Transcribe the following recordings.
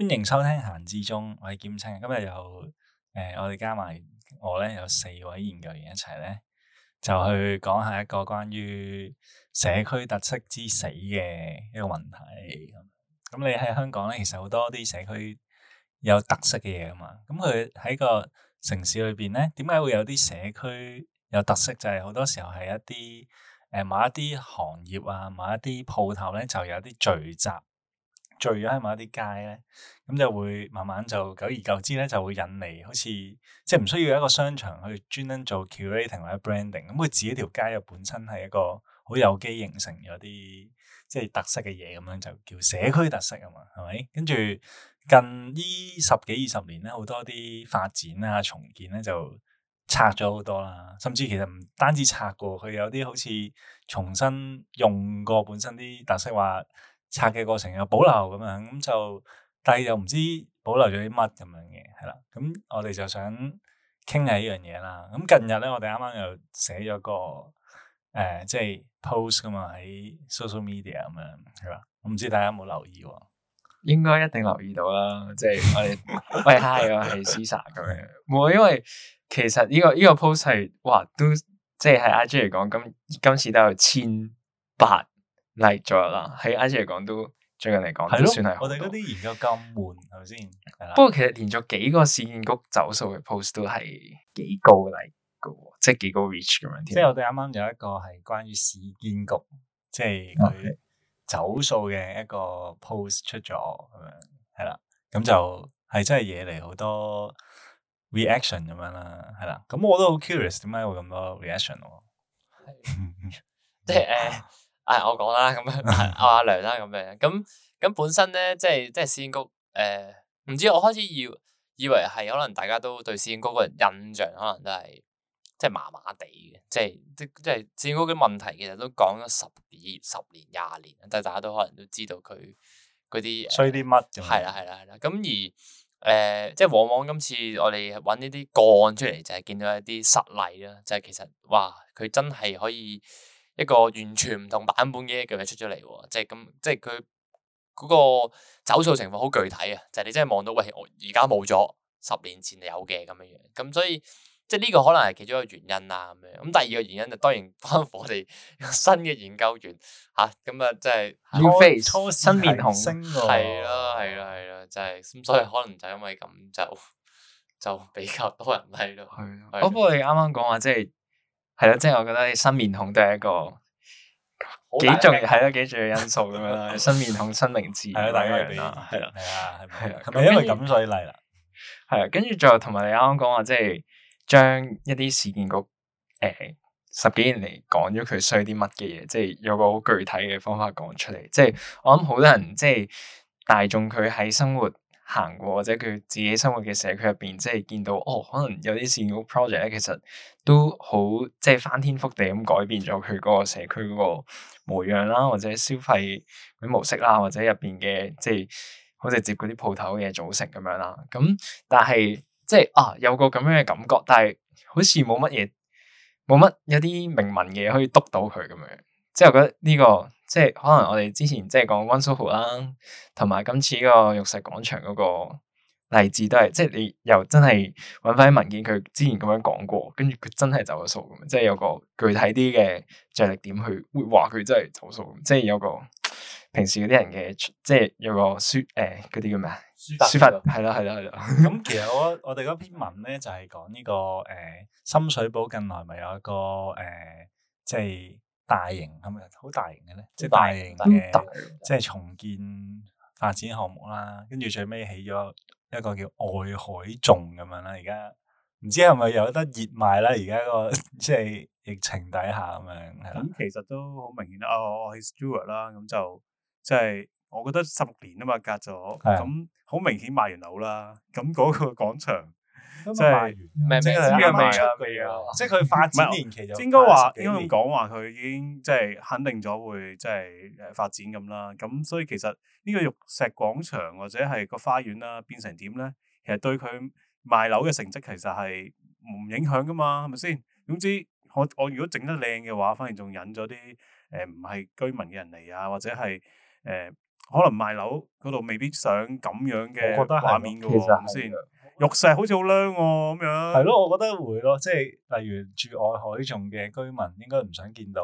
歡迎收聽閒之中，我係劍青。今日有誒，我哋加埋我咧有四位研究員一齊咧，就去講下一個關於社區特色之死嘅一個問題。咁，你喺香港咧，其實好多啲社區有特色嘅嘢啊嘛。咁佢喺個城市裏邊咧，點解會有啲社區有特色？就係、是、好多時候係一啲誒，某、呃、一啲行業啊，某一啲鋪頭咧，就有啲聚集。聚咗喺某一啲街咧，咁就會慢慢就久而久之咧，就會引嚟，好似即係唔需要一個商場去專登做 curating 或者 branding，咁佢自己條街又本身係一個好有機形成咗啲即係特色嘅嘢，咁樣就叫社區特色啊嘛，係咪？跟住近呢十幾二十年咧，好多啲發展啦、重建咧，就拆咗好多啦，甚至其實唔單止拆過，佢有啲好似重新用過本身啲特色話。拆嘅過程又保留咁樣，咁就但係又唔知保留咗啲乜咁樣嘅，係啦。咁我哋就想傾下呢樣嘢啦。咁近日咧，我哋啱啱又寫咗個誒，即、呃、係、就是、post 噶嘛喺 social media 咁樣係嘛。我唔知大家有冇留意咯，應該一定留意到啦。即係我哋喂 Hi，我係 Sisa 咁樣。冇啊，因為其實呢、這個呢、這個 post 係哇都即係喺 IG 嚟講，今今次都有千八。嚟咗啦，喺 I G 嚟講都最近嚟講都算係。我哋嗰啲研究咁悶，係咪先？不過其實連續幾個市建局走數嘅 post 都係幾高嘅。嚟嘅，即係幾高 reach 咁樣。即係我哋啱啱有一個係關於市建局，即係佢走數嘅一個 post 出咗，咁 Okay. 樣係啦，咁就係真係惹嚟好多 reaction 咁樣啦，係啦。咁我都好 curious，點解會咁多 reaction 咯？ 即係誒。係、 ah, 我講啦，咁、啊啊、樣阿阿梁啦，咁樣咁咁本身咧，即係即係司警局誒，唔、呃、知我開始以以為係可能大家都對市建局個人印象，可能都係即係麻麻地嘅，即係即即係市建局啲問題，其實都講咗十幾十年、廿年，即係大家都可能都知道佢嗰啲衰啲乜，係啦係啦係啦。咁而誒，即、呃、係、就是、往往今次我哋揾呢啲個案出嚟，就係見到一啲實例啦，就係其實哇，佢真係可以。一個完全唔同版本嘅一樣嘢出咗嚟，即係咁，即係佢嗰個走數情況好具體啊！就係你真係望到，喂，我而家冇咗，十年前有嘅咁樣樣，咁所以即係呢個可能係其中一個原因啊。咁樣，咁第二個原因就當然關乎我哋新嘅研究員吓，咁啊，即係新面孔，係啦、啊，係啦，係啦，就係、是、咁，所以可能就因為咁就就比較多人睇咯。係了，不過你啱啱講話即係。就是係啦，即係我覺得新面孔都係一個幾重，要，係啦幾重要因素咁 樣啦。新面孔、新名字，係啦吧，第一樣啦，係啦吧，係啊後，咁因為咁所以嚟啦。係啦吧，跟住仲有同埋你啱啱講話，即係將一啲事件局誒、呃、十幾年嚟講咗佢需要啲乜嘅嘢，即係有個好具體嘅方法講出嚟。即係我諗好多人即係大眾佢喺生活，行過或者佢自己生活嘅社區入邊，即係見到哦，可能有啲善屋 project 咧，其實都好即係翻天覆地咁改變咗佢嗰個社區嗰個模樣啦，或者消費模式啦，或者入邊嘅即係好直接嗰啲鋪頭嘅組成咁樣啦。咁但係即係啊，有個咁樣嘅感覺，但係好似冇乜嘢，冇乜有啲明文嘅嘢可以督到佢咁樣。即係我覺得呢、這個。即係可能我哋之前即係講溫蘇豪啦，同埋今次個玉石廣場嗰個例子都，都係即係你又真係搵翻啲文件，佢之前咁樣講過，跟住佢真係走咗數咁，即係有個具體啲嘅着力點去話佢真係走數，即係有個平時嗰啲人嘅，即係有個書誒，嗰啲叫咩啊？書法，書法。係啦，係啦，係啦。咁其實我我哋嗰篇文咧就係講呢個誒、呃、深水埗近來咪有一個誒、呃、即係。大型咁啊，好大型嘅咧，即係大型嘅，型即係重建發展項目啦。跟住最尾起咗一個叫愛海頌咁樣啦。而家唔知係咪有得熱賣啦？而家、嗰個即係疫情底下咁樣咁其實都好明顯啊、哦，我係 Stewart 啦，咁就即、係、係我覺得十六年啊嘛，隔咗咁好明顯賣完樓啦，咁嗰個廣場。就是、即係是，啊、即係佢發展年期就應該話，應該講話佢已經即係肯定咗會即係發展咁啦。咁所以其實呢個玉石廣場或者係個花園啦，變成點咧？其實對佢賣樓嘅成績其實係唔影響噶嘛，係咪先？總之我，我我如果整得靚嘅話，反而仲引咗啲誒唔係居民嘅人嚟啊，或者係誒、呃、可能賣樓嗰度未必想咁樣嘅畫面噶喎，咁先。玉石好似好靚喎，咁樣。係咯，我覺得會咯，即係例如住外海仲嘅居民，應該唔想見到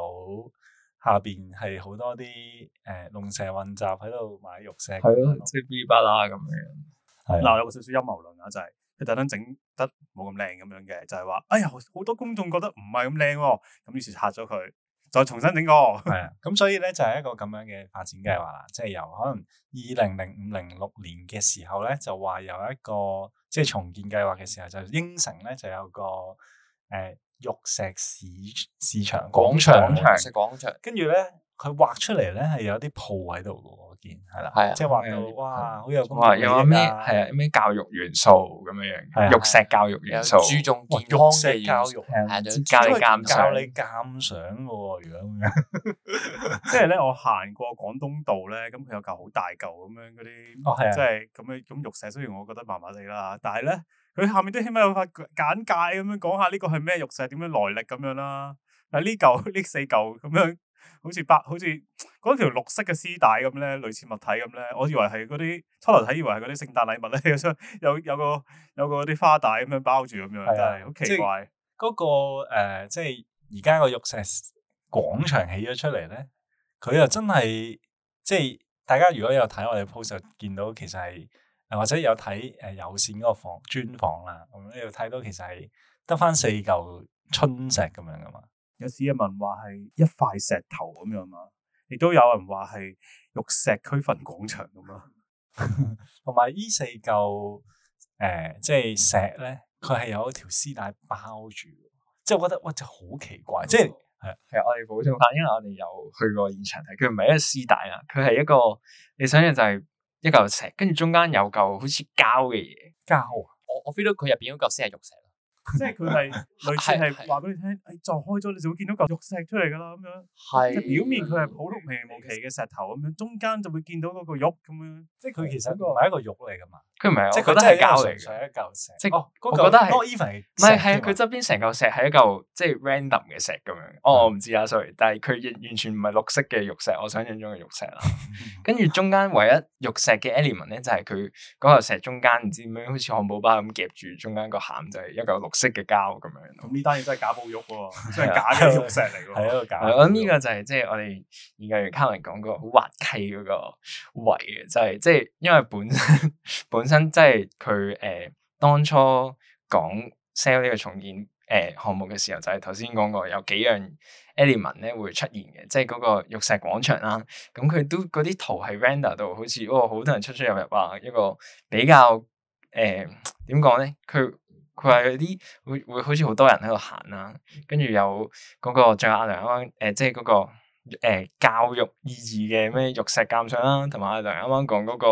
下邊係好多啲誒龍蛇混雜喺度買玉石，係咯，即係 BBA 啦咁樣。係嗱，有少少陰謀論啊，就係佢特登整得冇咁靚咁樣嘅，就係話，哎呀，好多公眾覺得唔係咁靚喎，咁於是拆咗佢。再重新整個，係啊，咁所以咧就係一個咁樣嘅發展計劃啦，嗯、即係由可能二零零五零六年嘅時候咧，就話有一個即係、就是、重建計劃嘅時候，就應承咧就有個誒、呃、玉石市市場廣場玉石廣場，跟住咧。佢畫出嚟咧係有啲鋪喺度嘅，我見係啦，的即係畫到哇，好的有啲咩係啊，咩教育元素咁樣樣，的玉石教育元素注重健康嘅教育，係、啊嗯、的教你鑒賞教你鑒賞嘅。如果咁樣，即係咧，我行過廣東道咧，咁佢有嚿好大嚿咁、哦就是、樣嗰啲，即係咁樣咁玉石。雖然我覺得麻麻地啦，但係咧，佢下面都起碼有塊簡介咁樣講下呢個係咩玉石，點樣來歷咁樣啦。嗱，呢嚿呢四嚿咁樣。好似白，好似嗰條綠色嘅絲帶咁咧，類似物體咁咧，我以為係嗰啲初頭睇以為係嗰啲聖誕禮物咧， 有張有有個有個啲花帶咁樣包住咁樣，真係好奇怪。嗰、那個誒、呃，即係而家個玉石廣場起咗出嚟咧，佢又真係即係大家如果有睇我哋 p 就 s 見到，其實係或者有睇誒、嗯、有線嗰個房專訪啦，咁咧又睇到其實係得翻四嚿春石咁樣噶嘛。有時有人話係一塊石頭咁樣嘛，亦都有人話係玉石區分廣場咁咯。同埋依四嚿誒、呃、即係石咧，佢係有一條絲帶包住，即係我覺得哇，就好奇怪。即係係我哋補充翻，因為我哋有去過現場睇，佢唔係一個絲帶啊，佢係一個你想像就係一嚿石，跟住中間有嚿好似膠嘅嘢膠啊。我我 feel 到佢入邊嗰嚿先係玉石。即係佢係類似係話俾你聽，撞開咗你就會見到嚿玉石出嚟㗎啦，咁樣。係，表面佢係普通平平無奇嘅石頭咁樣，中間就會見到嗰個玉咁樣。即係佢其實係一個玉嚟㗎嘛。佢唔係，即係嗰個係膠嚟嘅。係一嚿石，即係哦，我覺得係。唔係，係佢側邊成嚿石係一嚿即係 random 嘅石咁樣。哦，我唔知啊，sorry。但係佢完完全唔係綠色嘅玉石，我想像中嘅玉石啦。跟住中間唯一玉石嘅 element 咧，就係佢嗰嚿石中間唔知點樣，好似漢堡包咁夾住中間個餡，就係一嚿綠色嘅膠咁樣，咁呢單嘢真係假寶玉喎、啊， 真係假嘅玉石嚟喎。係一個假的。我諗呢個就係即係我哋 以前 Carmen 講過好滑稽嗰個位嘅，就係、是、即係因為本身本身即係佢誒當初講 sell 呢個重建誒項目嘅時候，就係頭先講過有幾樣 element 咧會出現嘅，即係嗰個玉石廣場啦。咁佢都嗰啲圖係 render 到好似喎，好、哦、多人出出入入啊，一個比較誒點講咧，佢、呃。佢話嗰啲會會好似好多人喺度行啦，跟住有嗰、嗰個，仲有阿梁啱啱誒，即係嗰、嗰個、呃、教育意義嘅咩玉石鑑賞啦，同埋阿梁啱啱講嗰個、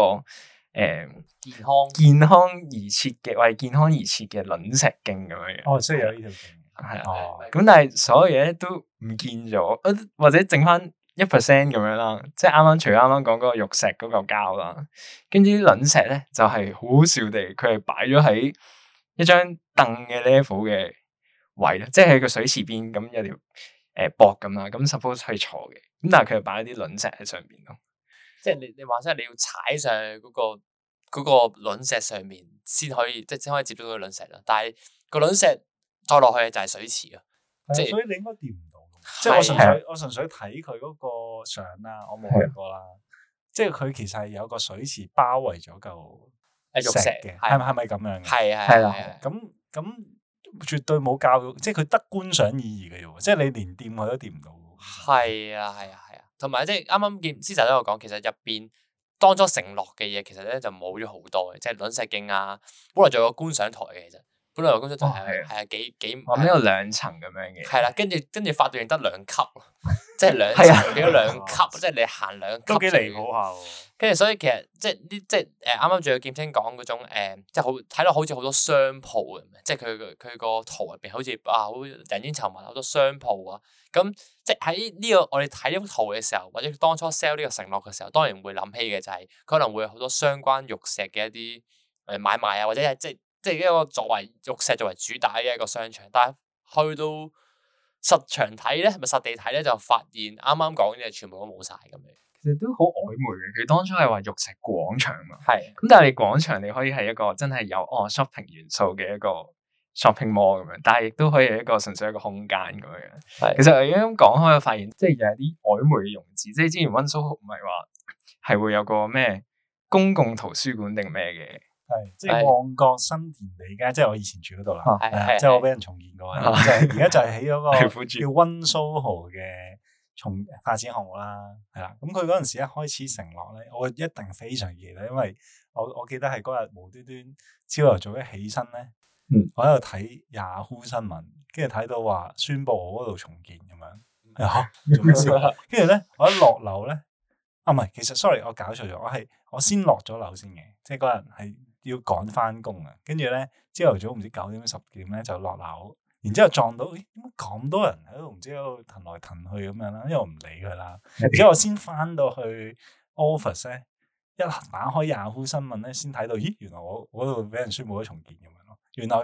呃、健康健康而設嘅為健康而設嘅卵石徑咁樣嘅。哦，所以有呢條線。係啊，哦。咁但係所有嘢都唔見咗，或者剩翻一 percent 咁樣啦，即係啱啱除啱啱講嗰個玉石嗰嚿膠啦，跟住啲卵石咧就係好笑地，佢係擺咗喺。一張凳嘅 level 嘅位咯，即係喺個水池邊咁有條誒膊咁啦，咁 suppose 係坐嘅，咁但係佢又擺啲卵石喺上面咯，即係你你話即係你要踩上嗰、那個嗰、那個卵石上面先可以，即係先可以接觸到個卵石咯，但係個卵石坐落去就係水池啊。即係的、就是、所以你應該掂唔到，即係的我純粹我純粹睇佢嗰個相啦，我冇去過啦，的即係佢其實係有個水池包圍咗嚿。係玉石嘅，係咪係咪咁樣嘅？係啊，係啦。咁咁絕對冇教育，即係佢得觀賞意義嘅啫。即係你連掂佢都掂唔到。係啊，係啊，係啊。同埋即係啱啱見思澤都有講，其實入邊當初承諾嘅嘢，其實咧就冇咗好多嘅。即係卵石徑啊，本來仲有個觀賞台嘅其實，本來有觀賞台係啊幾幾，後屘有兩層咁樣嘅。係啦，跟住跟住發電量得兩級，即係兩層幾多兩級，即係你行兩都幾離譜下喎。跟住，所以其實即係呢，即係誒啱啱仲有劍青講嗰種誒，即係好睇落好似好多商鋪咁，即係佢佢個圖入邊好似啊，好人煙稠密好多商鋪啊。咁即係喺呢個我哋睇呢幅圖嘅時候，或者當初 sell 呢個承諾嘅時候，當然會諗起嘅就係可能會有好多相關玉石嘅一啲誒買賣啊，或者係即係即係一個作為玉石作為主打嘅一個商場。但係去到實場睇咧，咪實地睇咧，就發現啱啱講嘅嘢全部都冇晒咁樣。其實都好曖昧嘅，佢當初係話玉石廣場嘛，係咁對但係廣場你可以係一個真係有哦 shopping 元素嘅一個 shopping mall 咁樣，但係亦都可以係一個純粹一個空間咁樣。係對其實我而家咁講開，我發現即係又有啲曖昧嘅用字，即係之前溫莎豪唔係話係會有個咩公共圖書館定咩嘅？係即係旺角新填地而家即係我以前住嗰度啦，係即係我俾人重建過，而家的就係起咗個叫溫莎豪嘅。從發展項目啦，係啦，咁佢嗰陣時一開始承諾咧，我一定非常熱啦，因為我我記得係嗰日無端端朝頭早一起身咧，嗯、我喺度睇 Yahoo 新聞，跟住睇到話宣布我嗰度重建咁樣，跟住咧我一落樓咧，啊唔係，其實 sorry 我搞錯咗，我係我先落咗樓先嘅，即係嗰日係要趕翻工啊，跟住咧朝頭早唔知九點十點咧就落樓。然之後撞到，咦，點解咁多人喺度唔知喺度騰來騰去咁樣啦？因為我唔理佢啦。然之後我先翻到去 Office 咧，一打開 Yahoo 新聞咧，先睇到，咦，原來我我度俾人宣布咗重建咁樣咯。原來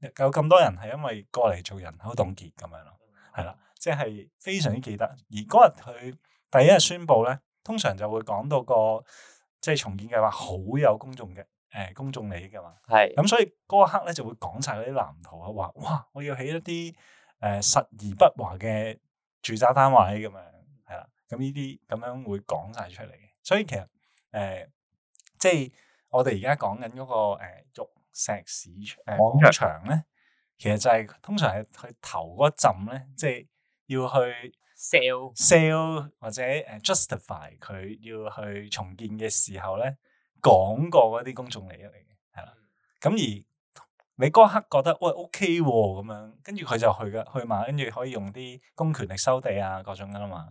有咁多人係因為過嚟做人口凍結咁樣咯，係啦，即係非常之記得。而嗰日佢第一日宣布咧，通常就會講到個即係重建計劃好有公眾嘅。誒、呃，公眾利益噶嘛？係的，咁所以嗰一刻咧就會講晒嗰啲藍圖啊，話哇，我要起一啲誒、呃、實而不華嘅住宅單位咁樣，係啦，咁呢啲咁樣會講晒出嚟。所以其實誒、呃，即係我哋而家講緊嗰個誒玉、呃、石市、呃嗯、場廣場咧，其實就係、是、通常係去頭嗰陣咧，即係要去 sell sell ale. 或者誒 justify 佢要去重建嘅時候咧。講過嗰啲公眾利益嚟嘅，係啦。咁而你嗰刻覺得喂 OK 咁、啊、樣，跟住佢就去嘅去嘛，跟住可以用啲公權力收地啊，各種噶啦嘛。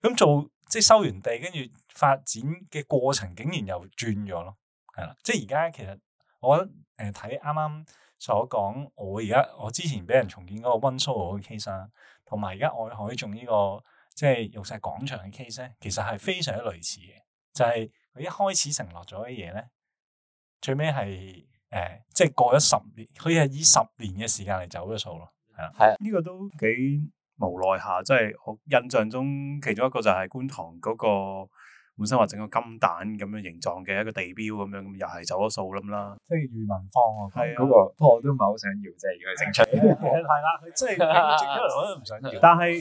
咁做即係收完地，跟住發展嘅過程竟然又轉咗咯，係啦。即係而家其實我誒睇啱啱所講，我而家我，我之前俾人重建嗰、這個溫莎嘅 case，同埋而家愛海仲呢個即係玉石廣場嘅 case 咧，其實係非常之類似嘅，就係、是。佢一開始承諾咗嘅嘢咧，最尾係誒，即、呃、係、就是、過咗十年，佢係以十年嘅時間嚟走咗數咯，係啦。係呢 個都幾無奈下，即係我印象中其中一個就係觀塘嗰個本身話整個金蛋咁樣形狀嘅一個地標咁樣，又係走咗數啦咁啦。裕民坊啊，係嗰個， 不過我都唔係好想要啫，而家整出嚟。係啦，即係整出嚟我都唔想要。但係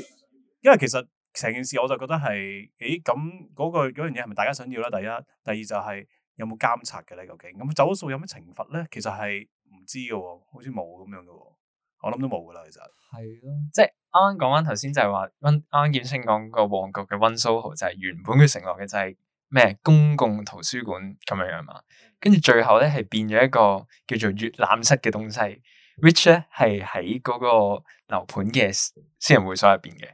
因為其實。成件事我就覺得係，誒咁嗰個樣嘢係咪大家想要咧？第一，第二就係有冇監察嘅咧？究竟咁走數有咩懲罰咧？其實係唔知嘅喎，好似冇咁樣嘅喎，我諗都冇嘅啦，其實。係咯，即係啱啱講翻頭先就係話温啱啱建清講個旺角嘅温蘇豪，就係原本佢承諾嘅就係咩公共圖書館咁樣樣嘛，跟住最後咧係變咗一個叫做閲覽室嘅東西，which 咧係喺嗰個樓盤嘅私人會所入邊嘅。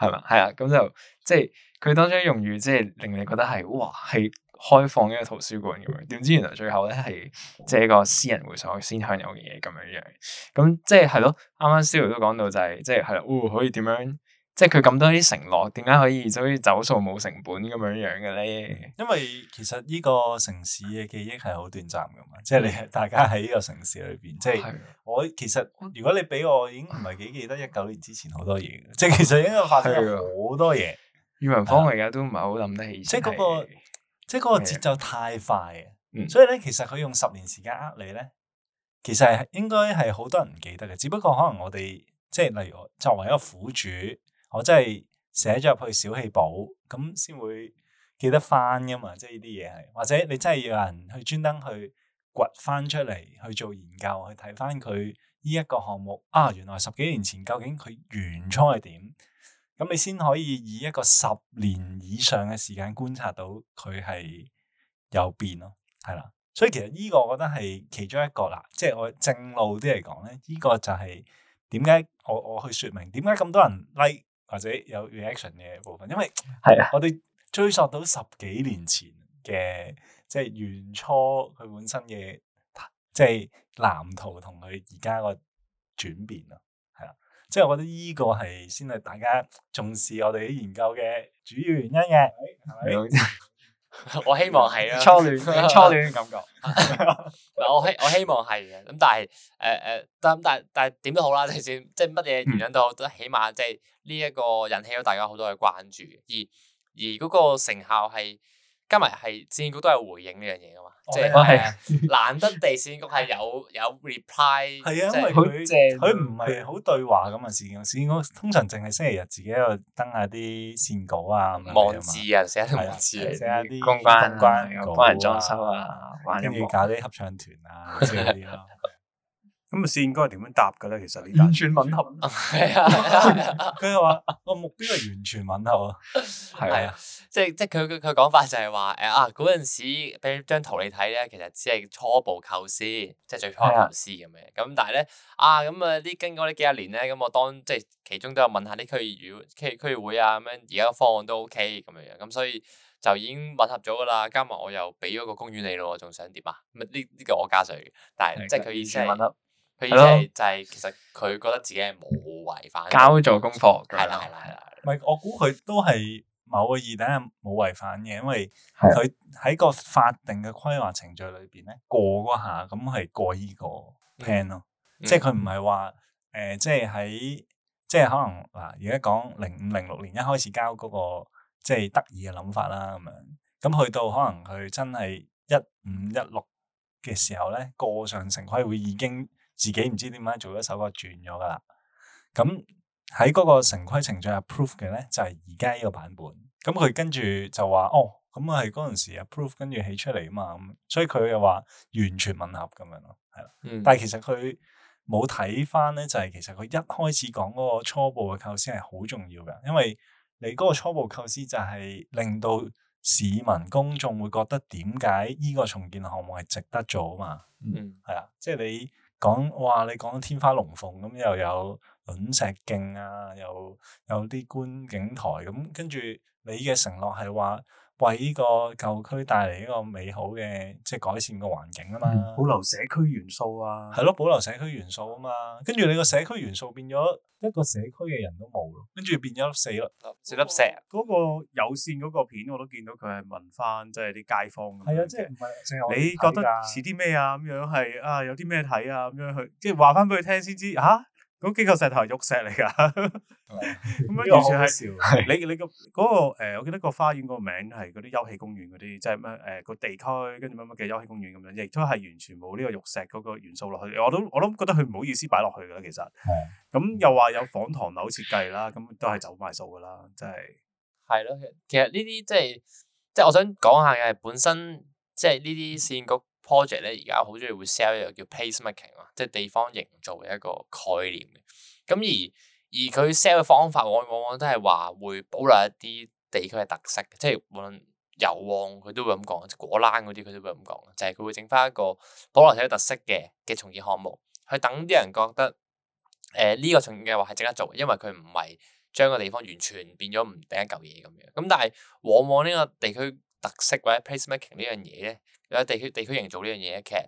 係嘛？係啊，咁就即係佢當初用語，即係令你覺得係哇，係開放一個圖書館咁樣。點知原來最後咧係即係一個私人會所先享有嘅嘢咁樣樣。咁即係係咯，啱啱 Siri 都講到就係、是、即係係啦，哦，可以點樣？即係佢咁多啲承諾，點解可以就好似走數冇成本咁樣樣嘅咧？因為其實呢個城市嘅記憶係好短暫噶嘛，即係大家喺呢個城市裏邊，啊、即係我其實如果你俾我，已經唔係幾記得一九年之前好多嘢、啊、即係其實應該發生好多嘢。余、啊、文芳而家都唔係好諗得起、啊，即係、那、嗰個即係個節奏太快嘅，的所以咧，其實佢用十年時間呃你咧，其實係應該係好多人唔記得嘅，只不過可能我哋即係例如作為一個苦主。我真係寫咗入去小氣簿，咁先會記得翻㗎嘛？即係呢啲嘢係，或者你真係要有人去專登去掘翻出嚟去做研究，去睇翻佢呢一個項目啊，原來十幾年前究竟佢原初係點？咁你先可以以一個十年以上嘅時間觀察到佢係有變咯，係啦。所以其實呢個我覺得係其中一個啦，即係我正路啲嚟講咧，呢、這個就係點解我我去説明點解咁多人 like。或者有 reaction 嘅部分，因為係啊，我哋追溯到十幾年前嘅即係原初佢本身嘅即係藍圖同佢而家個轉變啊，係啦，即係我覺得呢個係先係大家重視我哋研究嘅主要原因嘅，係咪？ 我希望係啊，初戀 初戀嘅感覺 我我。我希我希望係嘅，咁但係誒誒，咁、呃、但但係點都好啦，就算即係乜嘢原因都，都起碼即係呢一個引起咗大家好多嘅關注，而而嗰個成效係。加埋係市建局都有回應呢樣嘢噶嘛，即係難得地市建局係有有 reply。係啊，因為佢佢唔係好對話咁啊。市建局市建局通常淨係星期日自己喺度登下啲線稿啊，網誌啊寫下網誌啊寫下啲公關，幫試人裝修啊，玩住搞啲合唱團啊之類啲咯。 咁 啊，線應該係點樣答嘅咧？其實你完全吻合，係啊！佢話：個目標係完全吻合，係啊！即係即係佢佢佢講法就係話誒啊！嗰陣時俾張圖你睇咧，其實只係初步構思，即係最初嘅構思咁樣。咁對的 但係咧啊！咁啊呢經過呢幾十年咧，咁我當即係其中都有問,問下啲區議，區區議會啊咁樣。而家方案都 OK 咁樣，咁所以就已經吻合咗噶啦。加埋我又俾咗個公園你咯，仲想點啊？唔係呢呢個我加稅，但係即係佢意思係吻合。佢係咯，就係其實佢覺得自己係冇違反交做功課，係啦係啦係啦，唔係，我估佢都係某個意，等係冇違反嘅，因為佢喺個法定嘅規劃程序裏邊咧過嗰下，咁係過呢個 plan 咯、嗯，嗯、即係佢唔係話誒，即係喺即係可能嗱，而、呃、家講零五零六年一開始交嗰、那個即係、就是、得意嘅諗法啦，咁樣咁去到可能佢真係一五一六嘅時候咧，過上城規會已經。自己唔知點解做咗首歌轉咗噶啦，咁喺嗰個成規程序 approve 嘅咧，就係而家呢個版本。咁佢跟住就話哦，咁啊係嗰陣時 approve 跟住起出嚟啊嘛，咁所以佢又話完全吻合咁樣咯，係啦。嗯、但係其實佢冇睇翻咧，就係、是、其實佢一開始講嗰個初步嘅構思係好重要噶，因為你嗰個初步構思就係令到市民公眾會覺得點解呢個重建項目係值得做啊嘛，嗯，係啊，即係你。講哇，你講到天花龍鳳咁又有卵石徑啊，又有啲觀景台咁，跟住你嘅承諾係話，為呢個舊區帶嚟呢個美好嘅，即係改善嘅環境啊嘛、嗯，保留社區元素啊，係咯， 保留社區元素啊嘛。跟住你個社區元素變咗一個社區嘅人都冇咯，跟住變咗四粒，四粒石。嗰、那個有線嗰個片我都見到佢係問翻、就是，即係啲街坊啊，即咁樣嘅。你覺得似啲咩啊？咁樣係啊？有啲咩睇啊？咁樣去，即係話翻俾佢聽先知啊？嗰幾嚿石頭係玉石嚟噶，咁 樣完全係 你你、你個嗰個、呃、我記得個花園個名係嗰啲休憩公園嗰啲，即係咩誒個地區跟住乜乜嘅休憩公園咁樣，亦都係完全冇呢個玉石嗰個元素落去，我都我都覺得佢唔好意思擺落去噶，其實。係是。咁又話有仿唐樓設計啦，咁都係走埋數噶啦，真係。係咯，其實呢啲即係即係我想講下嘅係本身即係呢啲線局。project 咧而家好中意會 sell 一個叫 place making 啊，即係地方營造嘅一個概念嘅。咁而而佢 sell 嘅方法往往往都係話會保留一啲地區嘅特色，即係無論油旺佢都會咁講，果欄嗰啲佢都會咁講，就係佢會整翻一個保留曬啲特色嘅嘅重建項目。佢等啲人覺得，誒，呢個重建嘅話係值得做，因為佢唔係將個地方完全變咗唔定一嚿嘢咁樣。咁但係往往呢個地區特色或者 place making 呢樣嘢咧。有地區地區營造呢樣嘢，其實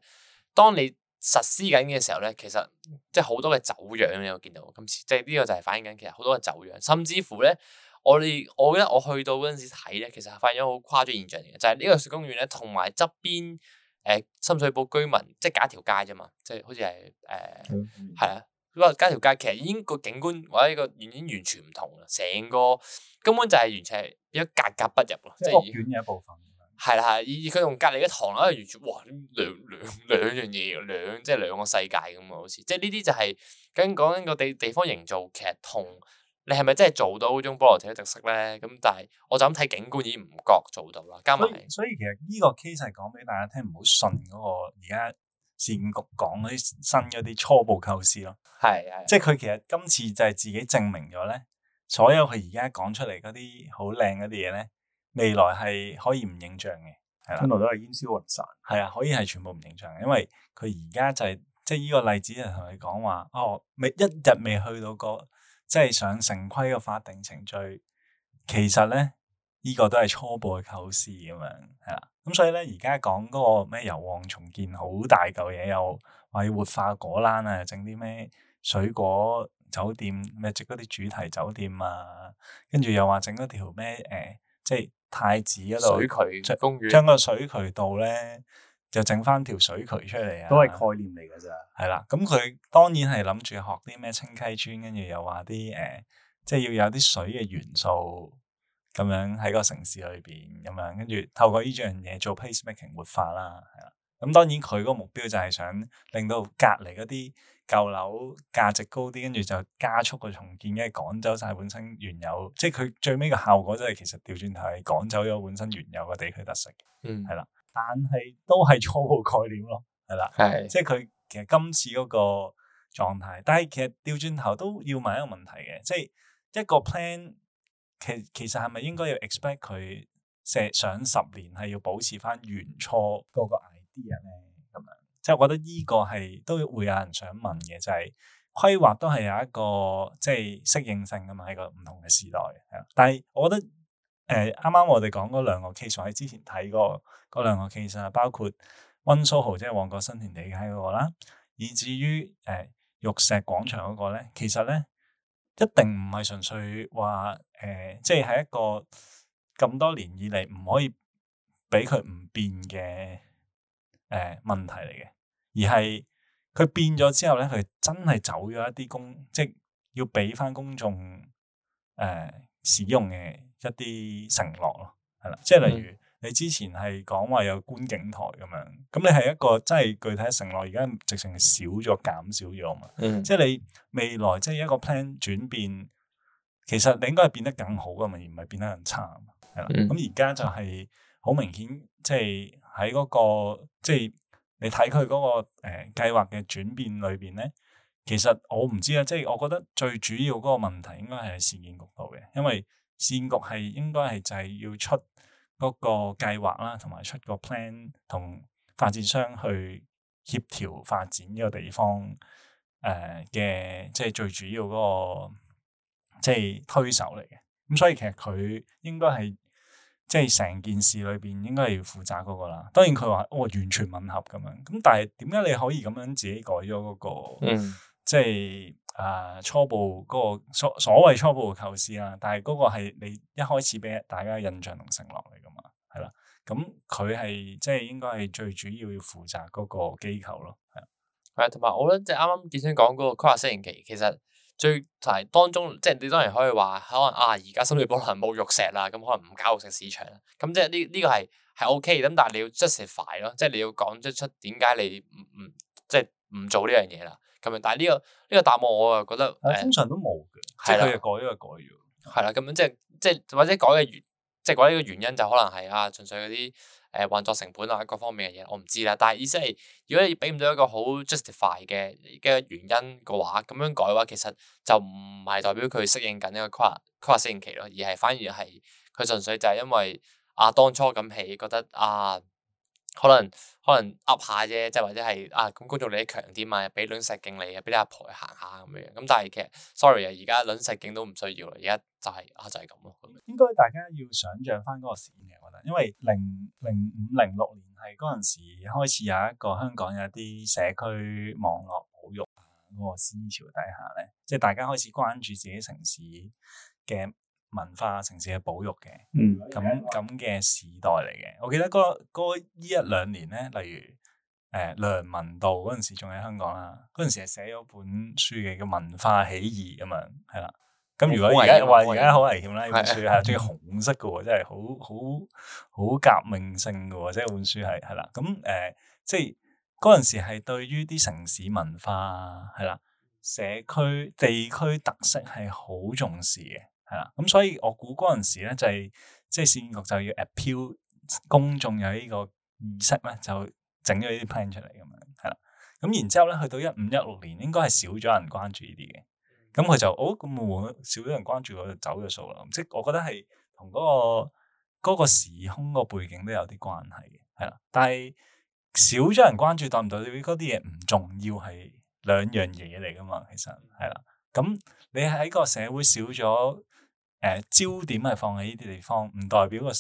當你實施緊嘅時候咧，其實即係好多嘅走樣。你有見到今次即係呢個就係反映緊其實好多嘅走樣，甚至乎咧，我哋我覺得我去到嗰陣時睇咧，其實係發現咗好誇張現象嚟嘅，就係、是、呢個水公園咧，同埋側邊誒深水埗居民，即係隔一條街啫嘛，即係好似係誒係啊，不過隔條街其實已經個景觀或者呢、呢個已經完全唔同啦，成個根本就係完全係一格格不入咯，即係一個卷嘅一部分。係啦，係佢同隔籬嘅唐樓係完全，哇！兩兩兩樣嘢，兩,兩,兩,兩即係兩個世界咁啊，好似即係呢啲就係跟講緊個地地方營造劇痛，你係咪真係做到嗰種菠蘿茶特色咧？咁但係我就咁睇景觀已經唔覺做到啦。加埋，所以其實呢個 case 係講俾大家聽，唔好信嗰個而家市建局講嗰啲新嗰啲初步構思咯。係係，即係佢其實今次就係自己證明咗咧，所有佢而家講出嚟嗰啲好靚嗰啲嘢咧。未來係可以唔認帳嘅，係啦，將來都係煙消雲散。係啊，可以係全部唔認帳，因為佢而家就係、係、即係呢個例子就同你講話，哦，未一日未去到個即係上城規嘅法定程序，其實咧呢、呢個都係初步嘅構思咁樣，係啦。咁所以咧而家講嗰個咩油旺重建好大嚿嘢，又話要活化果欄啊，整啲咩水果酒店，咩整嗰啲主題酒店啊，跟住又話整咗條咩誒，即係。太子嗰度，水渠將個水渠道咧，就整翻條水渠出嚟啊！都係概念嚟㗎咋，係啦。咁佢當然係諗住學啲咩清溪川，跟住又話啲誒，即係要有啲水嘅元素咁樣喺個城市裏邊咁樣，跟住透過呢樣嘢做 place making 活化啦，係啦。咁當然佢個目標就係想令到隔離嗰啲。舊樓價值高啲，跟住就加速個重建，梗係趕走晒本身原有，即係佢最尾嘅效果，即係其實調轉頭係趕走咗本身原有個地區特色，嗯，係啦，但係都係錯誤概念咯，係啦，係的，即係佢其實今次嗰個狀態，但係其實調轉頭都要問一個問題嘅，即係一個 plan，其其實係咪應該要 expect 佢石上十年係要保持翻原初嗰個 idea 咧？即係我覺得呢個係都會有人想問嘅，就係、是、規劃都係有一個即係適應性噶嘛，喺個唔同嘅時代。但係我覺得誒，啱、呃、啱我哋講嗰兩個 case，我喺之前睇過嗰兩個 case 啊，包括溫蘇豪即係旺角新填地街嗰、那個啦，以至於誒、呃、玉石廣場嗰、那個咧，其實咧一定唔係純粹話誒，即係喺一個咁多年以嚟，唔可以俾佢唔變嘅。誒、呃，問題嚟嘅，而係佢變咗之後咧，佢真係走咗一啲公，即係要俾翻公眾誒、呃、使用嘅一啲承諾咯，係啦，即係例如、mm hmm. 你之前係講話有觀景台咁樣，咁你係一個真係具體承諾，而家直情少咗、減少咗啊嘛，mm hmm. 即係你未來即係一個 plan 轉變，其實你應該係變得更好嘅，而唔係變得更差，係啦，咁而家就係好明顯即係。喺嗰、那個即係你睇佢嗰個誒、呃、計劃嘅轉變裏邊咧，其實我唔知啊！即係我覺得最主要嗰個問題應該係市建局度嘅，因為市建局係應該係就係要出嗰個計劃啦，同埋出個 plan 同發展商去協調發展呢個地方誒嘅、呃，即係最主要嗰、那個即係、就是、推手嚟嘅。咁所以其實佢應該係。即係成件事裏邊應該係要負責嗰個啦，當然佢話哦，完全吻合咁樣，咁但係點解你可以咁樣自己改咗嗰、那個，嗯、即係啊、呃、初步嗰、那個所所謂初步構思啦，但係嗰個係你一開始俾大家印象同承諾嚟噶嘛，係啦，咁佢係即係應該係最主要要負責嗰個機構咯，係啊，係啊，同埋我覺得即係啱啱健生講嗰個跨適應期，其實。最同埋當中，即係你當然可以話，可能啊，而家深水埗可能冇玉石啦，咁可能唔搞玉石市場，咁即係呢呢個係係 OK，咁但係你要 justify 咯，即係你要講得出點解你唔唔即係唔做呢樣嘢啦咁樣。但係呢個呢個答案我誒覺得，誒通常都冇嘅，即係佢又改又改咗。係啦，咁樣即係即係或者改嘅原，即係改嘅原因就可能係啊，純粹嗰啲。誒、呃、運作成本啊，各方面嘅嘢我唔知啦，但係意思係，如果你俾唔到一個好 justify 嘅嘅原因嘅話，咁樣改嘅話，其實就唔係代表佢適應緊呢個規劃規劃適應期咯，而係反而係佢純粹就係因為啊當初咁起覺得啊。可能可能噏下啫，即係或者係啊咁工作你啲強啲嘛，畀卵石徑你婆婆走走 sorry，石、就是、啊，俾啲阿婆行下咁樣，咁但係其實 sorry 啊，而家卵石徑都唔需要啦，而家就係啊就係咁咯。應該大家要想象翻嗰個時嘅，我覺得，因為零零五零六年係嗰陣時開始有一個香港有啲社區網絡保育啊，嗰個思潮底下咧，即係大家開始關注自己城市嘅。文化城市嘅保育嘅，咁咁嘅時代嚟嘅。我記得嗰嗰呢一兩年咧，例如誒、嗯、梁文道嗰陣時仲喺香港啦，嗰陣時係寫咗本書嘅，叫《文化起義》咁樣，係啦。咁如果而家話而家好危險啦，呢的本書係仲要紅色嘅喎，真係好好好革命性嘅喎，即係本書係係啦。咁誒，即係嗰陣時係對於啲城市文化係啦，社區地區特色係好重視嘅。係啦，咁、嗯、所以我估嗰陣時咧就係即係善局就要 appeal 公眾有呢個意識咧，就整咗、嗯、呢啲 plan 出嚟咁樣，係啦。咁然之後咧去到一五一六年，應該係少咗人關注呢啲嘅。咁、嗯、佢就哦咁冇少咗人關注，我就走咗數啦。即係我覺得係同嗰個嗰、嗰個時空個背景都有啲關係嘅，係啦。但係少咗人關注，代唔代表啲嘢唔重要係兩樣嘢嚟噶嘛，其實係啦。咁、嗯、你喺個社會少咗。誒、呃、焦點係放喺呢啲地方，唔代表個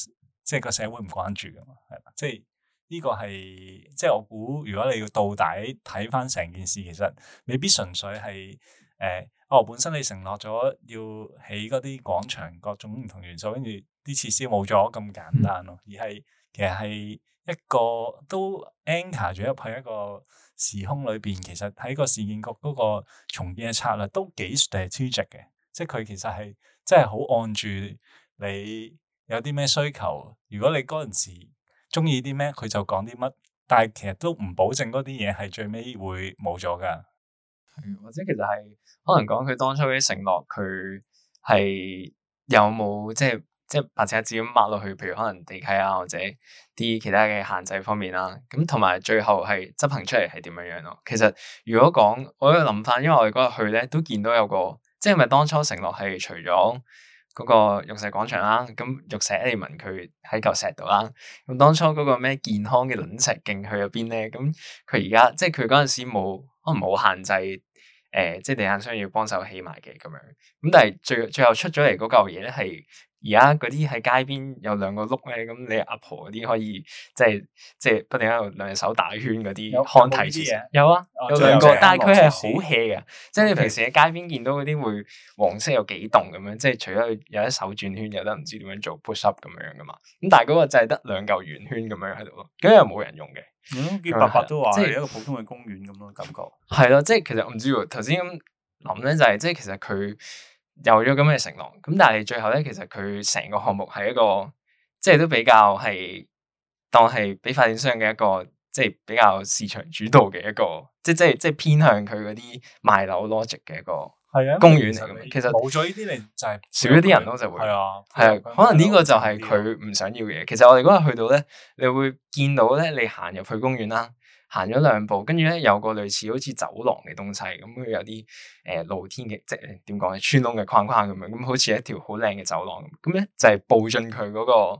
即係個社會唔關注嘅嘛，係嘛？即係呢、這個係即係我估，如果你要到底睇翻成件事，其實未必純粹係誒、呃、哦，本身你承諾咗要起嗰啲廣場各種唔同元素，跟住啲設施冇咗咁簡單咯，嗯、而係其實係一個都 anchor 咗入去一個時空裏邊，其實喺個市建局嗰個重建嘅策略都幾 strategic 嘅，即係佢其實係。即係好按住你有啲咩需求，如果你嗰陣時鍾意啲咩，佢就講啲乜。但係其實都唔保證嗰啲嘢係最尾會冇咗噶。或者其實係可能講佢當初啲承諾，佢係有冇即係即係白紙黑字咁抹落去，譬如可能地契啊，或者啲其他嘅限制方面啦、啊。咁同埋最後係執行出嚟係點樣樣咯？其實如果講我諗翻，因為我哋嗰日去咧都見到有個。即係咪當初承諾係除咗嗰個玉石廣場啦，咁玉石 Element 佢喺嚿石度啦，咁當初嗰個咩健康嘅卵石徑去咗邊咧？咁佢而家即係佢嗰陣時冇可能冇限制，誒、呃、即係地產商要幫手起埋嘅咁樣，咁但係最最後出咗嚟嗰嚿嘢咧係。而家嗰啲喺街邊有兩個碌咧，咁你阿婆嗰啲可以即係即係不停喺度兩隻手打圈嗰啲睇住嘅，有，有啊，有兩個，但係佢係好 hea 嘅，嗯、即係你平時喺街邊見到嗰啲會黃色有幾棟咁樣，對 即係除咗有一手轉圈，有得唔知點樣做 push up 咁樣嘅嘛。咁但係嗰個就係得兩嚿圓圈咁樣喺度咯，咁又冇人用嘅。嗯，啲伯伯都話樣，即係一個普通嘅公園咁咯感覺。係咯，即係其實我唔知喎。頭先咁諗咧，就係即係其實佢。有咗咁嘅承諾，咁但係最後咧，其實佢成個項目係一個，即係都比較係當係俾發展商嘅一個，即係比較市場主導嘅一個，即係即係即係偏向佢嗰啲賣樓 logic 嘅一個，係啊公園嚟嘅。的其實冇咗呢啲，你就係少咗啲實人咯，就會係啊。係啊的，可能呢個就係佢唔想要嘅嘢。其實我哋嗰日去到咧，你會見到咧，你行入去公園啦。行咗兩步，跟住咧有個類似好似走廊嘅東西，咁佢有啲誒露天嘅，即係點講咧，穿窿嘅框框咁樣，咁好似一條好靚嘅走廊咁，咁咧就係步進佢嗰個誒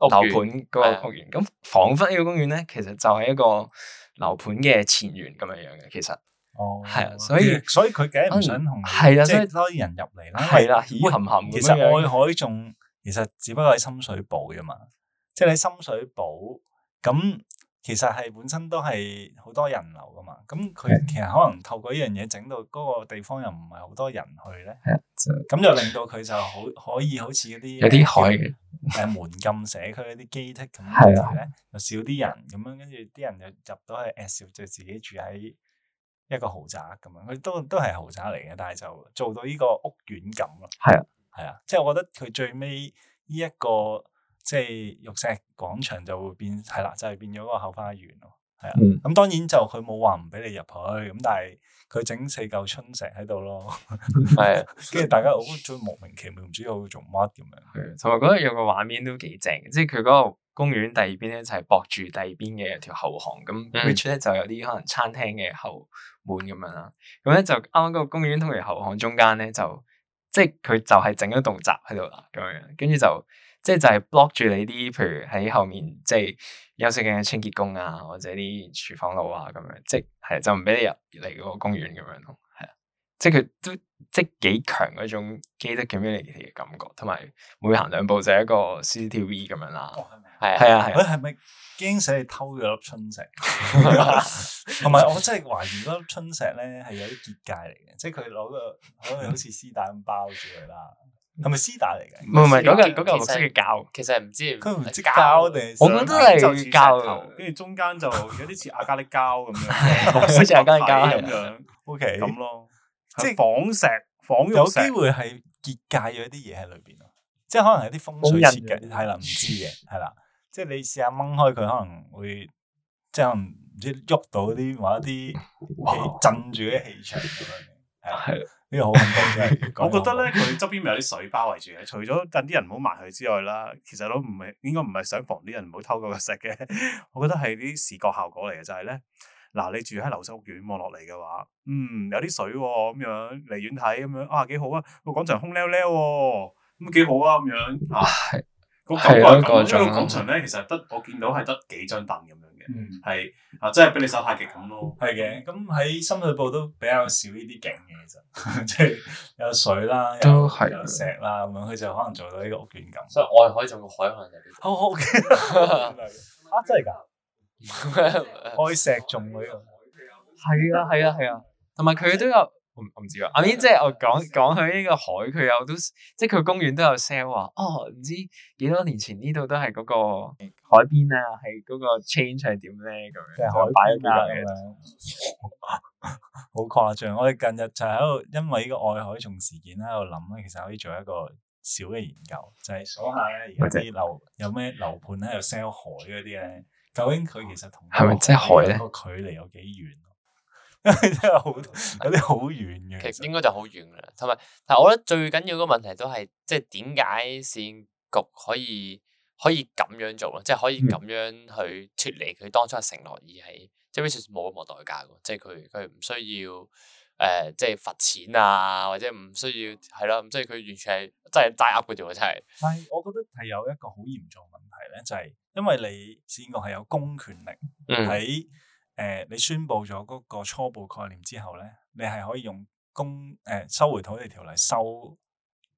樓盤嗰個公園，咁彷彿呢個公園咧，其實就係一個樓盤嘅前緣咁樣樣嘅，其實，哦，係啊，所以所以佢梗係唔想同，係啊，即係多啲人入嚟啦，係啦，冚冚。其實愛海頌，其實只不過喺深水埗啫嘛，即係喺深水埗咁。其實係本身都係好多人流噶嘛，咁佢其實可能透過依樣嘢整到嗰個地方又唔係好多人去咧，咁就，就令到佢就好可以好似嗰啲啲閂嘅門禁社區嗰啲基築咁樣咧的，就少啲人咁樣，跟住啲人就入到去，at 住自己住喺一個豪宅咁樣，佢都都係豪宅嚟嘅，但係就做到呢個屋苑咁咯。係啊，係啊，即係我覺得佢最尾呢一個。即係玉石廣場就會變係啦，就係、是、變咗個後花園咯，係啊。咁、嗯、當然就佢冇話唔俾你入去，咁但係佢整四嚿春石喺度咯，係 是啊。跟住大家好，最莫名其妙唔知佢做乜咁樣。同埋覺得有個畫面都幾正，即係佢嗰個公園第二邊咧就係駁住第二邊嘅條後巷，咁 which 咧就有啲可能餐廳嘅後門咁樣啦。咁咧就啱啱嗰個公園同埋後巷中間咧就即係佢就係整咗棟閘喺度啦，咁樣，跟住就。.即係就係 block 住你啲，譬如喺後面即係、就是、休息嘅清潔工啊，或者啲廚房佬啊，咁樣，即係就唔俾你入嚟個公園咁樣咯。係啊，即係佢都即係幾強嗰種機密嘅感覺，同埋每行兩步就一個 CCTV 咁樣啦。係啊係啊，佢係咪驚死你偷咗粒春石？啊，同埋我真係懷疑嗰粒春石咧，係有啲結界嚟嘅，即係佢攞個可能好似絲帶咁包住佢啦。 係咪絲帶嚟嘅？唔係唔係，嗰嚿唔需要色嘅膠，其實唔知佢唔知膠定。我諗都係膠，跟住中間就有啲似阿加力膠咁樣，好似阿加力膠咁樣。OK，咁咯，即係仿石仿有機會係結界咗啲嘢喺裏邊囉！即係可能有啲風水設計係啦，唔知嘅係啦。即係你試下掹開佢，可能會即係可能唔知喐到啲或一啲震住啲氣場咁樣。係啊，係。呢 個好恐怖嘅，覺呢 我覺得咧佢周邊咪有啲水包圍住嘅，除咗近啲人唔好埋去之外啦，其實都唔係應該唔係想防啲人唔好偷嗰個石嘅，我覺得係啲視覺效果嚟嘅就係、是、咧，嗱你住喺樓中屋苑望落嚟嘅話，嗯有啲水咁、哦、樣，離遠睇咁樣啊幾好啊個廣場空溜溜咁幾好啊咁、啊、樣，係、 啊那個感覺、嗯、個廣場呢個廣場咧其實得我見到係得幾張凳咁樣。嗯，係啊，即係俾你手下極咁咯。係嘅， 咁喺深水埗都比較少呢啲景嘅其實，即 係有水啦，有，都有石啦咁樣，佢就可能做到呢個屋苑咁，所以外海仲有海可能好好，嚇真係㗎？開石仲種嗰樣，係啊係啊係啊，同埋佢都有。我唔知啊，阿 m 即係我講講喺呢個海，佢有都即係佢公園都有 sell 話哦，唔知幾多年前呢度都係嗰個海邊啊，係嗰個 change 係點咧咁樣呢，即係海擺、嗯、架咁樣，好誇張。我哋近日就喺度，因為呢個外海重事件喺度諗咧，其實可以做一個小嘅研究，就係數下咧而家啲樓有咩樓盤咧又 sell 海嗰啲咧，究竟佢其實同係咪即係海咧個距離有幾遠？ 真係好，對有啲好遠嘅。其實應該就好遠啦，同埋，但係我覺得最緊要個問題都係，即係點解市建局可以可以咁樣做啊，就是就是就是呃，即係可以咁樣去脫離佢當初嘅承諾，而係即係 which 是冇乜代價嘅，即係佢佢唔需要誒，即係罰錢啊，或者唔需要係咯，即係佢完全係真係齋噏嘅啫喎，真係。但係我覺得係有一個好嚴重嘅問題咧，就係、是、因為你市建局係有公權力喺。嗯誒、呃，你宣布咗嗰個初步概念之後咧，你係可以用公誒、呃、收回土地條例收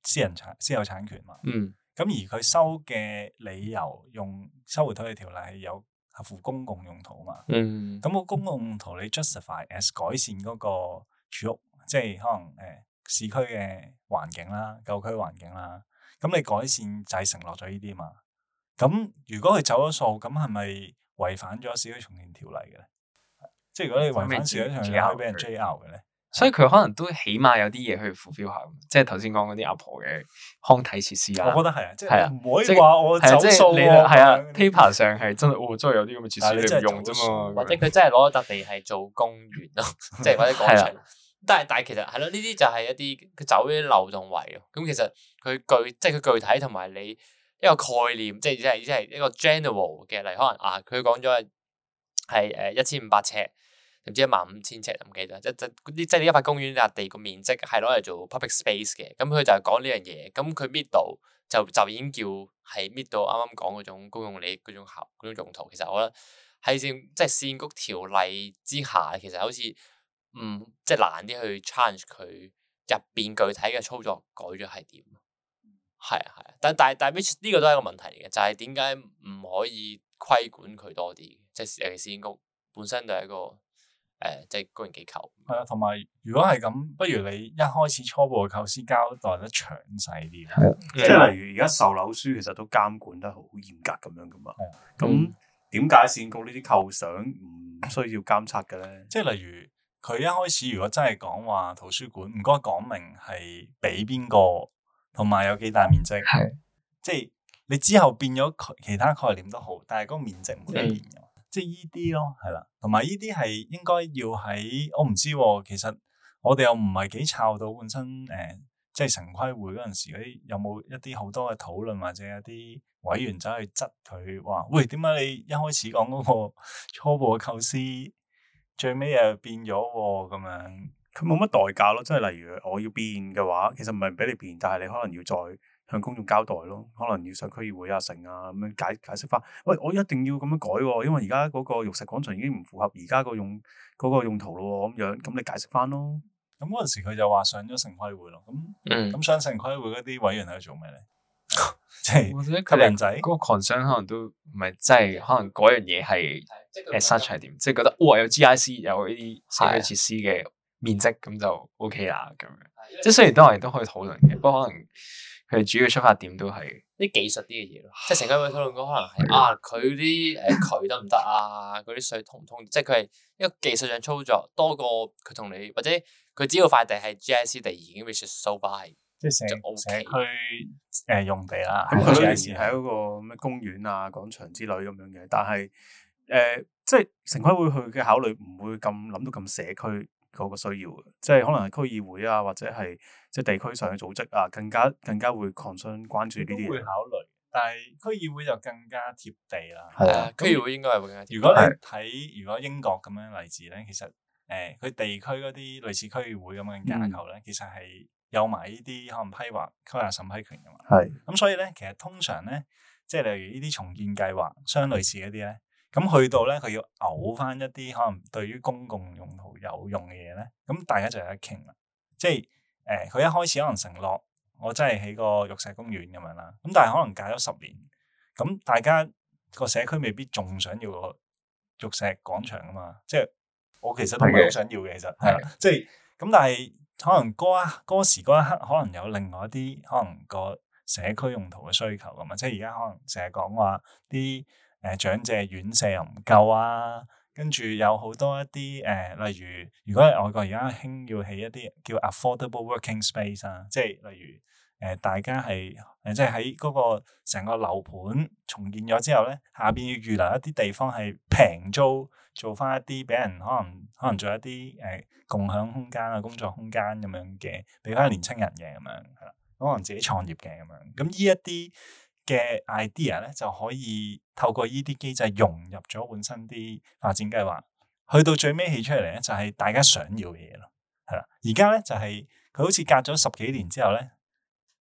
私人產私有產權嘛？嗯。咁而佢收嘅理由用收回土地條例係有合乎公共用途嘛？嗯。咁個、嗯、公共用途你 justify as 改善嗰個住屋，即係可能誒、呃、市區嘅環境啦，舊區環境啦。咁你改善就係承諾咗呢啲嘛？咁如果佢走咗數，咁係咪違反咗市區重建條例嘅咧？即係如果你違反條規上，會俾人追數嘅咧。所以佢可能都起碼有啲嘢去附表下，即係頭先講嗰啲阿婆嘅康體設施啊。我覺得係、即係、啊，即係啊，唔可以話我走數你係啊，paper 上係真係、哦，真係有啲咁嘅設施你唔用啫嘛。書或者佢真係攞咗笪地係做公園咯，即係 或者廣場。 但係但係其實係咯，呢啲就係一啲佢走啲漏洞位咯。咁其實佢具即係佢具體同埋你一個概念，即係即係即係一個 general 嘅，例如可能啊，佢講咗係誒一千五百尺。唔知一萬五千尺，唔記得，即係即啲即係啲一塊公園地個面積，係攞嚟做 public space 嘅。咁、嗯、佢就講呢樣嘢，咁佢搣到就，就就已經叫係搣到啱啱講嗰種公用理，嗰種合用途。其實我覺得喺線即係線谷條例之下，其實好似唔即係難啲去 change 佢入邊具體嘅操作改咗係點？係啊係啊，但但但 which 呢、這個都係一個問題嚟嘅，就係點解唔可以規管佢多啲？即係尤其是線谷本身就係一個。誒、呃，即係個人機構係啊，同埋如果係咁，不如你一開始初步嘅構思交代得詳細啲，係的 即係例如而家售樓書其實都監管得好嚴格咁樣噶嘛。哦的，咁點解市建局呢啲構想唔需要監察嘅咧、嗯？即係例如佢一開始如果真係講話圖書館，唔該講明係俾邊個，同埋有幾大面積，係的，即係你之後變咗佢其他概念都好，但係嗰個面積冇變嘅。即係依啲咯，係啦，同埋依啲係應該要喺我唔知，其實我哋又唔係幾炒到本身誒、呃，即係城規會嗰陣時啲有冇一啲好多嘅討論或者一啲委員走去質佢話，喂點解你一開始講嗰個初步嘅構思，最尾又變咗咁樣？佢冇乜代價咯，即係例如我要變嘅話，其實唔係唔俾你變，但係你可能要再。向公眾交代咯，可能要上區議會啊、城啊咁樣解解釋翻。喂，我一定要咁樣改喎，因為而家嗰個玉石廣場已經唔符合而家個用嗰、嗰個用途咯咁樣。咁你解釋翻咯。咁嗰陣時佢就話上咗城規會咯。咁、嗯，咁上城規會嗰啲委員喺度做咩咧？呵即係吸引仔嗰個 concern 可能都唔係，即係可能嗰樣嘢係 as such 係點？即係覺得哇有 GIC 有呢啲設施嘅面積咁的就 OK 啦咁樣。即係的雖然當年都可以討論嘅，不過可能。佢哋主要出發點都係啲技術啲嘅嘢咯， 即係城規會討論過，可能係啊佢啲誒渠得唔得啊？嗰啲、呃啊、 水通唔通？即係佢係一個技術上操作多過佢同你或者佢只要塊地係 GIC d 已經 reach so f a 即係成社區誒 OK、呃、用地啦。咁佢以前喺嗰個咩公園啊廣場之類咁樣嘅，但係誒、呃、即係城規會去嘅考慮唔會咁諗到咁社區。嗰個需要即係可能係區議會啊，或者係即係地區上嘅組織啊，更加更加會 concern 關注呢啲嘢。會考慮，但係區議會就更加貼地啦。係啊的，那區議會應該係會更加貼地嘅。的如果你睇如果英國咁樣例子咧，其實誒佢、呃、地區嗰啲類似區議會咁樣嘅架構咧，嗯、其實係有埋呢啲可能批劃、批核審批權嘅嘛。係咁的，所以咧，其實通常咧，即係例如呢啲重建計劃，相類似嗰啲咧。咁去到咧，佢要嘔翻一啲可能對於公共用途有用嘅嘢咧，咁大家就有得傾啦。即係誒，佢、呃、一開始可能承諾我真係起個玉石公園咁樣啦，咁但係可能隔咗十年，咁大家個社區未必仲想要個玉石廣場啊嘛。即係我其實都唔係好想要嘅，其實係啦。即係咁，但係可能嗰一嗰時嗰一刻，可能有另外一啲可能個社區用途嘅需求咁嘛。即係而家可能成日講話啲。誒長者院舍又唔夠啊，跟住有好多一啲誒、呃，例如如果係外國而家興要起一啲叫 affordable working space 啊，即係例如誒大家係誒、呃、即係喺嗰個成個樓盤重建咗之後咧，下邊要預留一啲地方係平租做翻一啲俾人可能可能做一啲誒、呃、共享空間啊，工作空間咁樣嘅俾翻年青人嘅咁樣係啦，可能自己創業嘅咁樣，咁、啊、依一啲。嘅 idea 咧，就可以透過呢啲機制融入咗本身啲發展計劃，去到最尾起出嚟咧，就係、是、大家想要嘅嘢咯，係啦。而家咧就係、是、佢好似隔咗十幾年之後咧，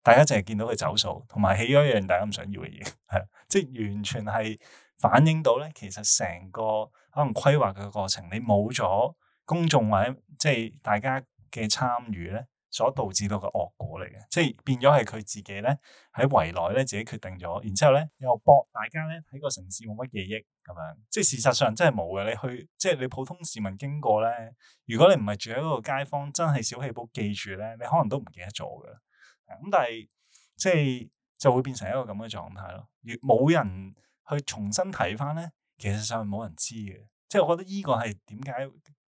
大家淨係見到佢走數，同埋起咗一樣大家唔想要嘅嘢，係即係完全係反映到咧，其實成個可能規劃嘅過程，你冇咗公眾或者即係、就是、大家嘅參與咧。所導致到嘅惡果嚟嘅，即係變咗係佢自己咧，喺圍內咧，自己決定咗，然之後咧，又博大家咧，喺個城市冇乜記憶咁樣，即係事實上真係冇嘅。你去即係你普通市民經過咧，如果你唔係住喺嗰個街坊，真係小氣簿記住咧，你可能都唔記得咗㗎。咁但係即係就會變成一個咁嘅狀態咯。越冇人去重新睇翻咧，其實上係冇人知嘅。即係我覺得呢個係點解？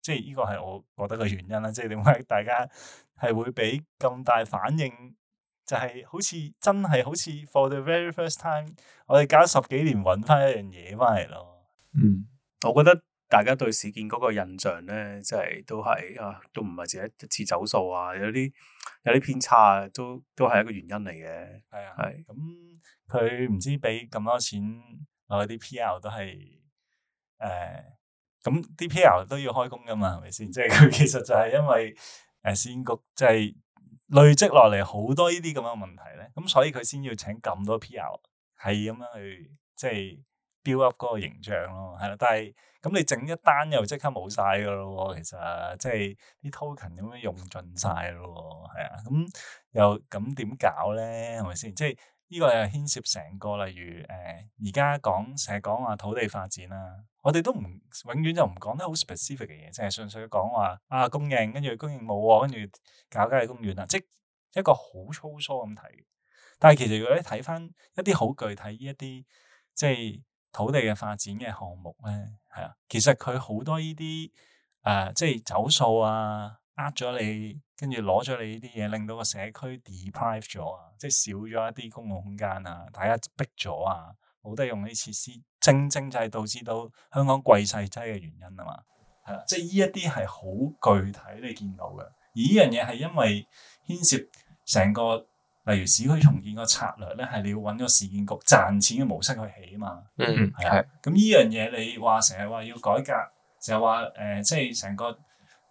即係呢個係我覺得個原因啦，即係點解大家係會畀咁大反應，就係、是、好似真係好似 for the very first time，我哋搞十幾年搵翻一樣嘢翻嚟咯。嗯，我覺得大家對事件嗰個印象咧，即係都係啊，都唔係淨係一次走數啊，有啲有啲偏差、啊、都都係一個原因嚟嘅。係、嗯嗯、啊，係咁佢唔知畀咁多錢攞啲 PR 都係誒。呃咁啲 PR 都要開工噶嘛，係咪先？即係佢其實就係因為誒先、呃、局這這 PR，即係累積落嚟好多呢啲咁樣嘅問題咧。咁所以佢先要請咁多 PR，係咁樣去即係 build up 嗰個形象咯。係啦，但係咁你整一單又即刻冇晒噶咯喎。其實即係啲 token 咁樣用盡晒咯喎。係啊，咁又咁點搞咧？係咪先？即係呢、這個又牽涉成個，例如誒而家講成日講話土地發展啦、啊。我哋都唔永遠就唔講得好 specific 嘅嘢、啊，即係純粹講話啊供應，跟住供應冇喎，跟住搞緊喺公園啦，即係一個好粗疏咁睇。但係其實如果你睇返一啲好具體依一啲即係土地嘅發展嘅項目呢，係啊，其實佢好多依啲誒即係走數啊，呃咗你，跟住攞咗你依啲嘢，令到個社區 deprive 咗啊，即係少咗一啲公共空間啊，大家逼咗啊。好多用呢啲設施，精精濟導致到香港貴細劑嘅原因啊嘛，係啦的，即係呢一啲係好具體你見到嘅。而呢樣嘢係因為牽涉成個，例如市區重建個策略咧，係你要揾個市建局賺錢嘅模式去起啊嘛。嗯，嗯，係的。咁呢樣嘢你話成日話要改革，就係話誒，即係成個，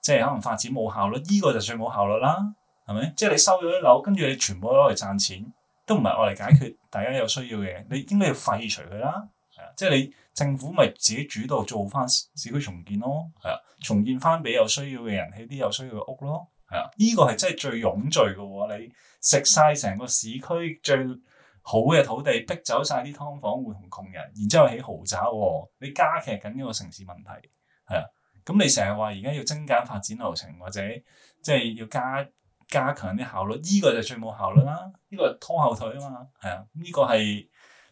即係可能發展冇效率，呢、呢個就算冇效率啦，係咪？即係你收咗啲樓，跟住你全部攞嚟賺錢。都唔係我嚟解決大家有需要嘅嘢，你應該要廢除佢啦，係啊，即係你政府咪自己主導做翻市，市區重建咯，係啊，重建翻俾有需要嘅人起啲有需要嘅屋咯，係啊，依、這個係真係最擁聚嘅喎，你食晒成個市區最好嘅土地，逼走晒啲劏房戶同窮人，然之後起豪宅喎、哦，你加劇緊呢個城市問題，係啊，咁你成日話而家要精簡發展流程或者即係要加。加強啲效率，呢個就最冇效率啦！呢個拖後腿啊嘛，係啊，呢個係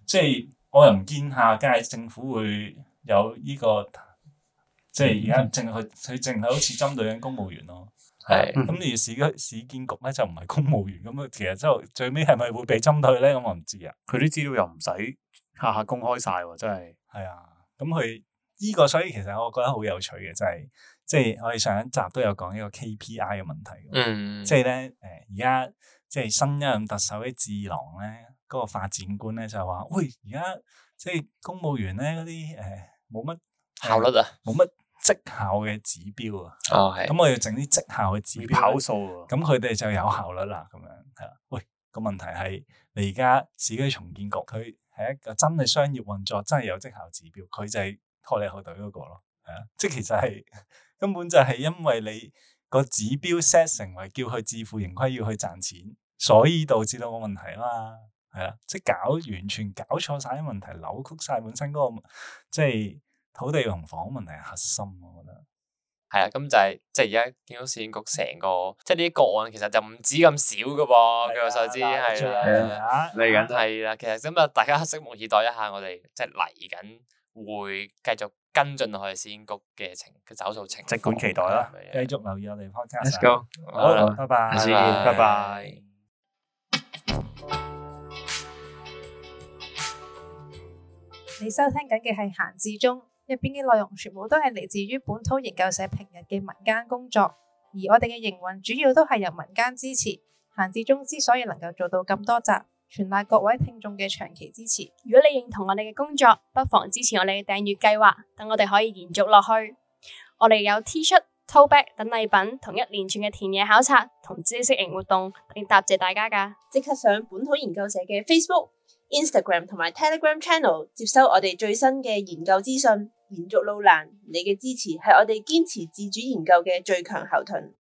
即係我又唔見下屆政府會有呢個，即係而家淨係佢佢淨係好似針對緊公務員咯，係咁而市區市建局咧就唔係公務員，咁啊嗯哼，其實就最尾係咪會被針對咧？咁我唔知啊，佢啲資料又唔使下下公開晒喎，真係係啊，咁佢呢個所以其實我覺得好有趣嘅就係。真即係我哋上一集都有講呢個 KPI 嘅問題，嗯即呢呃，即係咧，誒而家即係新一任特首啲智囊咧，嗰、嗰個發展觀咧就話，喂而家即係公務員咧嗰啲，誒冇乜效率啊，冇乜績效嘅指標啊，哦係，咁我要整啲績效嘅指標，哦、指標跑數，咁佢哋就有效率啦，咁樣係啊，喂、嗰個問題係你而家市區重建局佢係一個真係商業運作，真係有績效指標，佢就係拖你後腿嗰個咯，係啊，即係其實係。根本就係因為你個指標 set 成為叫佢自負盈虧要去賺錢，所以導致到個問題啊嘛，係啊，即係搞完全搞錯晒啲問題，扭曲晒本身嗰、那個即係土地同房嘅問題核心，我覺得係啊，咁就係、是、即係而家見到市建局成個，即係呢啲個案其實就唔止咁少噶噃。據我所知，係啊之，嚟緊係啦。其實咁啊，大家拭目以待一下我，我哋即係嚟緊會繼，繼續。跟進市建局嘅情嘅走數情，即管期待啦，繼續留意我哋 podcast。好啦，拜拜，再見，拜拜。你收聽緊嘅係閒置中，入邊嘅內容全部都係嚟自於本土研究社平日嘅民間工作，而我哋嘅營運主要都係由民間支持。閒置中之所以能夠做到咁多集。全賴各位聽眾嘅長期支持。如果你認同我哋嘅工作，不妨支持我哋嘅訂閱計劃，等我哋可以延續落去。我哋有 T 恤、tote bag 等禮品，同一連串嘅田野考察同知識型活動，並答謝大家噶。即刻上本土研究社嘅 Facebook、Instagram 同埋 Telegram Channel，接收我哋最新嘅研究資訊。延續路難，你嘅支持係我哋堅持自主研究嘅最強後盾。